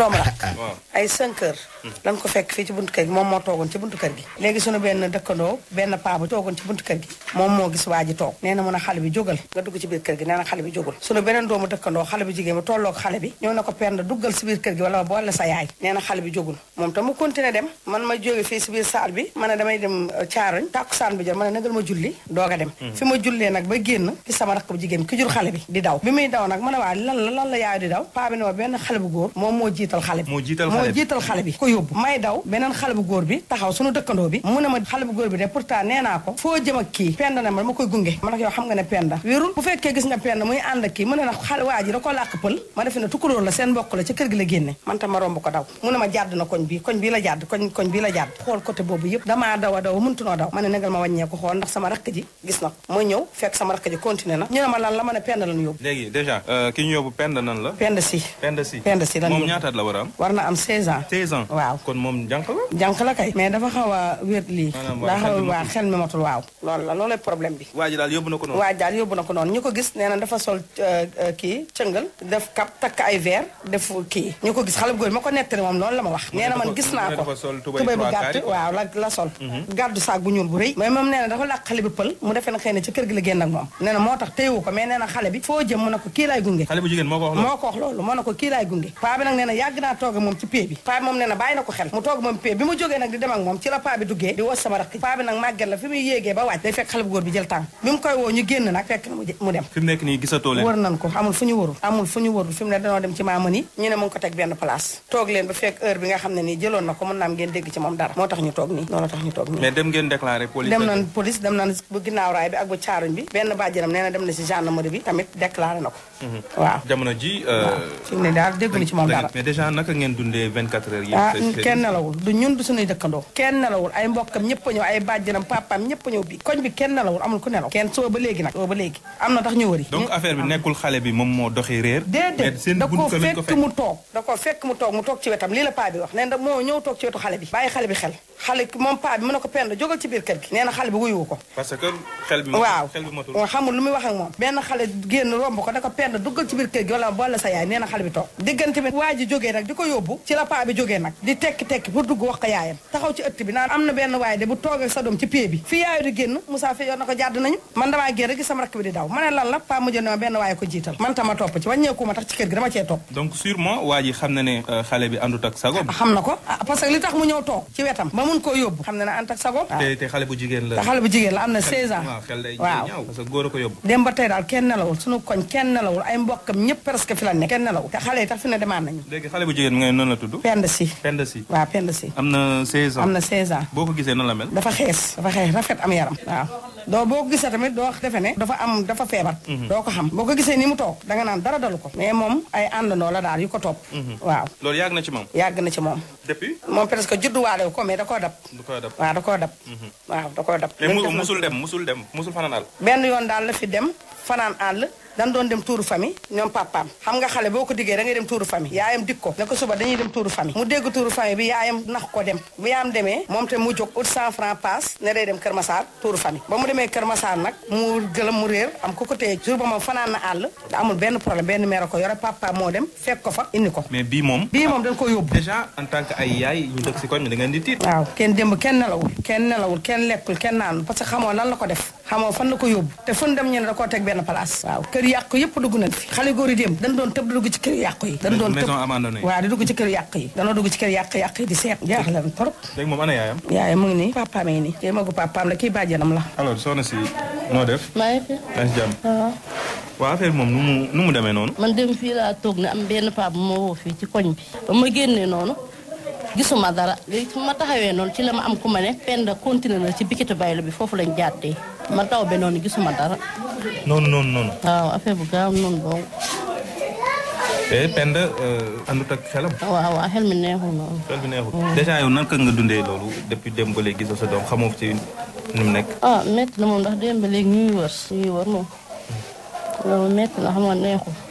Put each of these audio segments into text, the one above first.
doomu la ay 5 heures lañ hmm. ko fekk fii ci buntu kër gi moom moo toogoon ci buntu kër gi léegi sunu benn dëkkandoo benn paa bu toogoon ci buntu kër gi a na xale bi jógal sunu beneen jigéen bi tolloog xale bi ñëw na ko pend duggal si biir kër gi wala boole sa yaay nee xale bi jógul moom tam mu continué dem man ma jóge fii si biir saal bi ma ne damay dem caaroñ euh, tàkku saan bi jot ma ne nangal ma julli doog a dem hmm. fi ma jullee nag ba génn ci sama rakk bu jigéen ki jur xale bi di daw bi muy daw nag ma ne waa lan la lan la yaay di daw paa bi ne ma benn xale bu góor moom moo jiit jiital xale bi moo jiital xale bi ko yóbbu may daw beneen xale bu góor bi taxaw sunu dëkkandoo bi mu ne ma xale bu góor bi de pourtant nee ko foo jëm ak kii penda na ma dama koy gunge ma ne penda wérul mu ne na xale waa ji da ko làkk la seen mbokk la ca kër bi koñ bi la jàdd koñ yëpp ma ne nagal ma wàññeeku xool ndax sama rakk ji gis na ko ñëw fekk sama rakk ji continué na ñu ne ma lan la ma ne penda lan yóbbu léegi déjà euh, ki ñu yóbbu penda nan la penda si penda si penda si ñaata la la war a am. war na am 16 ans. 16 ans waaw kon moom jànq la. kay mais dafa xaw a wér lii. daa xaw xel mi moo tax téyewu ko mais nee xale bi foo jëm mu ko kii laay gunge. moo ko loolu moo ne ko kii laay gunge paa nag nee yàgg naa toog moom ci pee bi paa moom ne na na ko xel mu toog moom pee bi mu jógee nag di dem moom ci la paa duggee di woo sama rakk bi mu koy woo ñu génn nag fekk nii mu dem ngeen dégg police dem nañ bu ginnaaw bi ak bu caaruñ bi benn bàjjanam nee na dem na si gendarmerie bi tamit déclaré na ko mhm. waaw jamono ji euh, fi ne daal dégguñu ci moom dara déjà naka ngeen dundee 24 heures. yëpp ah, kenn nelawul du ñun du suñuy dëkkandoo. kenn nelawul ay mbokkam ñëpp a ñëw ay bàjjanam papaam ñëpp a ñëw bi koñ bi kenn nelawul amul ku nelaw. kenn soo ba léegi nag soo ba léegi am na tax ñu wëri. donc affaire bi nekkul xale bi moom moo doxee réer. déedéet da koo fekk mu toog da koo fekk mu toog mu toog ci wetam lii la paa bi wax nee na moo ñëw toog ci wetu xale bi bàyyi xale bi xel xale moom paa bi mu ne ko pend jógal ci biir kër gi nee xale bi wuyu ko parce xamul lu muy wax ak moom benn xale génn romb ko da ko pend duggal ci biir kër gi wala wala sa yaay nee xale bi toog diggante bi ko yóbbu ci la paa bi jógee nag di tekki wax ko yaayam taxaw ci ëtt bi naan am na benn waaye de bu toogee sa doom ci pied bi fii yaayu di génn Moussa fi yoon na ko jàdd nañu man damaa génn gis sama rakk bi di daw ma lan la paa mujjee ma benn waaye ko jiital man tama topp ci wàññeeku tax ci kër gi dama cee euh, na ko ah, parce que li tax mu ñëw toog ci wetam mun koo yóbbu xam ne na ànd ak sago te te xale bu jigéen la te xale bu jigéen am na 16 ans waaw parce que góor a ko yóbbu dem ba tey daal kenn nelawul suñu koñ kenn nelawul ay mbokkam ñëpp presque fi kenn nelawul xale yi tax fi ne demaat nañu léegi xale si pend si am na 16 ans boo ko gisee noonu la mel dafa xees dafa xees rafet am yaram waaw doo boo ko gisee tamit doo defe ne dafa am dafa feebar mhm. doo ko xam boo ko gisee ni mu toog danga naan dara dalu ko mais moom ay àndandoo la daal yu ko topp mhm. waaw loolu yàgg na ci moom yàgg na ci moom depuis moom presque judduwaale wu ko mais da koo dab da koo dab waaw da koo dab mhm. waaw da koo dab mais musul dem musul dem musul fanaan àll benn yoon daal la fi dem fanaan àll dan doon dem tuuru famille ñoom papaam xam nga xale boo ko diggee da ngay dem tuuru famille yaayam dik ko ne ko suba dañuy dem tuuru famille mu dégg tuuru famille bi ko dem bu yaayam demee moom te mu jóg ut cent franc paas ne day dem Kër Masaar demee Kër Masaar nag mu gëlëm mu réer am ko téye jour fanaan àll da benn problème benn mère ko yore papa moo dem fekk ko fa indi ko mais moom bii moom dañ ko yóbbu déjà en tant que ay waaw kenn démb kenn nelawul kenn nelawul kenn lekkul kenn naanul parce que xamoo lan la ko def xamoo fan la ko yóbbu te fu dem ñu ne da koo teg benn place waaw kër yàqu yëpp dugg nañ fi xale góor yi dem dañ doon tëb dugg ci kër yàqu yi dañ doon tëb waaw di dugg ci kër yàqu yi danoo dugg ci kër yàq yàq yi di seet jaax lan trop léegi moom ana yaayam yaayam mu ngi nii papaam yi nii kii magu papaam la kii bàjjanam la alors soxna si noo def maa ngi fi maa ngi jàmm ah. waaw affaire moom nu mu nu mu demee noonu man dem fii laa toog ne am benn paa bu ma woo fii ci koñ bi ba ma génnee noonu gisuma dara léegi su ma taxawee noonu ci la ma am ku ma ne fenn continué na ci bikitu bayla bi foofu lañ jàddee ma taw be noonu gisuma dara. noonu noonu noonu. waaw affaire bu gaaw noonu boobu. te Penda e, àndut ak xelam. waaw waaw xel mi neexul noonu. xel mi neexul mm. dèjà yow nan ka nga dundee loolu depuis dem ba léegi gisoo sa doom xamoo ci ni mu nekk. ah métti na moom ndax démb ba léegi ñuy wër ñuy wër moom mm. loolu métti na xam neexul.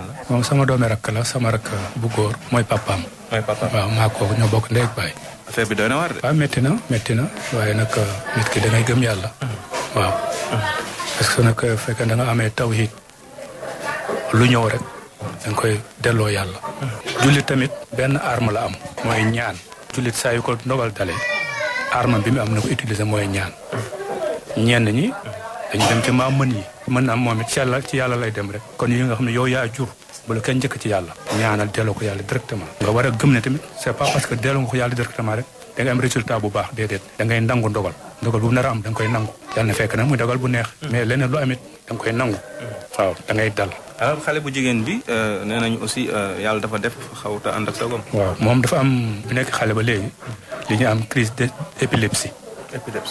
kan la. moom sama doomi rakk la sama rakk bu góor mooy papaam. mooy papaam waaw maa ko ñoo bokk ndey ak baay. affaire bi doy na waar waaw métti na métti na waaye nag euh, nit ki da ngay gëm yàlla. waaw. parce que nag bu euh, fekkee da nga taw tawhid lu ñëw rek da koy delloo yàlla. jullit tamit benn arme la am. mooy ñaan. jullit saa yu ko ndogal dalee. arme bi mu am na ko utiliser mooy ñaan. ñenn ñi dañu dem ci maam mën yi. man am momit ci yalla ci yalla lay dem rek kon yi nga xamne ne yow yaa jur bu la kenn jëk ci yalla ñaanal delo ko yalla directement nga wara gëm ne tamit c'est pas parce que delo nga ko yalla directement rek da nga am résultat bu baax dedet da ngay nangu ndogal ndogal bu nar a am da nga koy nangu yalla na fekk na muy dogal bu neex hmm. mais leneen lu amit da nga koy nangu hmm. waaw da ngay dal alors ah, xale bu jigen bi euh nañu aussi euh yalla dafa def xawta ànd ak sagom waaw mom dafa am bu nekk xale ba léegi li ñu am crise d'épilepsie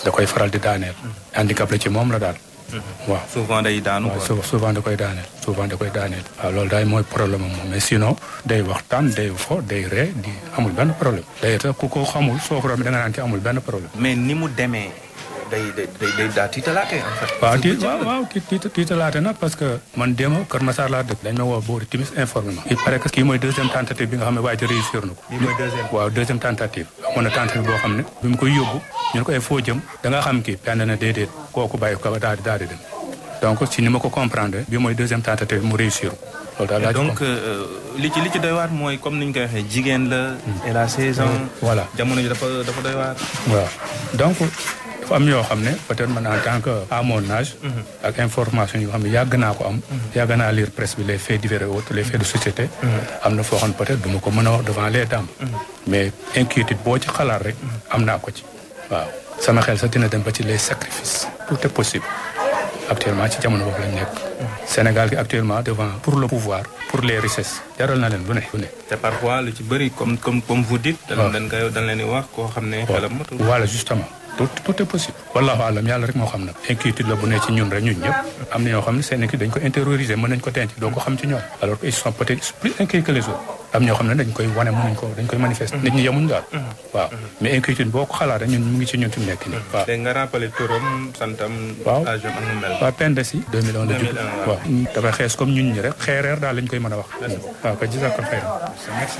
da koy faral di daanel hmm. handicap la ci mom la daal Mm-hmm. waaw souvent day daanu waaw souvent da koy daaneel souvent da koy daaneel waaw loolu daal mooy problème moom mais sinon day waxtaan day fo day ree di amul benn problème day tax ko xamul soo ko da nga naan ki amul benn problème mais ni mu demee day day day daal tiitalaate en fait. waaw tiit waaw waaw tiitalaate na parce que. man démb Kër Masar laa dëkk. dañ ma woo boori timis informé ma. il paraît mooy deuxième tentative bi nga xam ne waaye te réussir na ko. lii waaw deuxième tentative. amoon na tentative boo xam ne. bi mu koy yóbbu. ñu ne ko eh, foo jëm da nga xam ki benn na déedéet kooku bàyyi ko daal di daal di dem donc si ni ma ko comprendre bi mooy deuxième tentative mu réussir donc euh, li ci li ci doy waar mooy comme niñ koy waxee jigéen la. et la saison. voilà jamono ji dafa dafa doy waar. waaw donc dafa am yoo xam ne peut-être man en tant que à mon âge. Hmm. ak information yoo xam ne yàgg naa ko am. Hmm. yàgg naa lire presse bi les faits divers et autres les faits de société. Hmm. am na foo xam peut-être du ma ko mën a wax devant les dames. mais inquiétude boo ci xalaat rek am naa ko ci waaw sama xel sax dina dem ba ci les sacrifices tout est possible actuellement ci jamono boobu lañ nekk. Sénégal actuellement devant pour le pouvoir pour les richesses jaral na leen bu ne parfois lu ci bëri comme comme comme vous dites. dans dañ koy dañ leen wax koo xam ne. xelam matul voilà justement tout tout est possible. wallahu alam yàlla rek moo xam nag. inquiétude la bu ne ci ñun rek ñun ñëpp. am na ñoo xam ne seen inquiétude dañ ko intérioriser mën nañ ko teenti doo ko xam ci ñoom. alors ils sont peut-être plus inquiets que les autres. am ñoo xam ne dañ koy wane mënuñ ko dañ koy manifester. Mhm. nit ñi yemuñ daal. Mhm. waaw mhm. mais inquiétude boo ko xalaatee ñun mu ngi ci ñun fi mu nekk nii. waaw léegi nga rappelé turam santam. waaw dafa xees comme ñun ñi rek xeereer daal lañ koy mën a wax. waaw kay jërëjëf Faye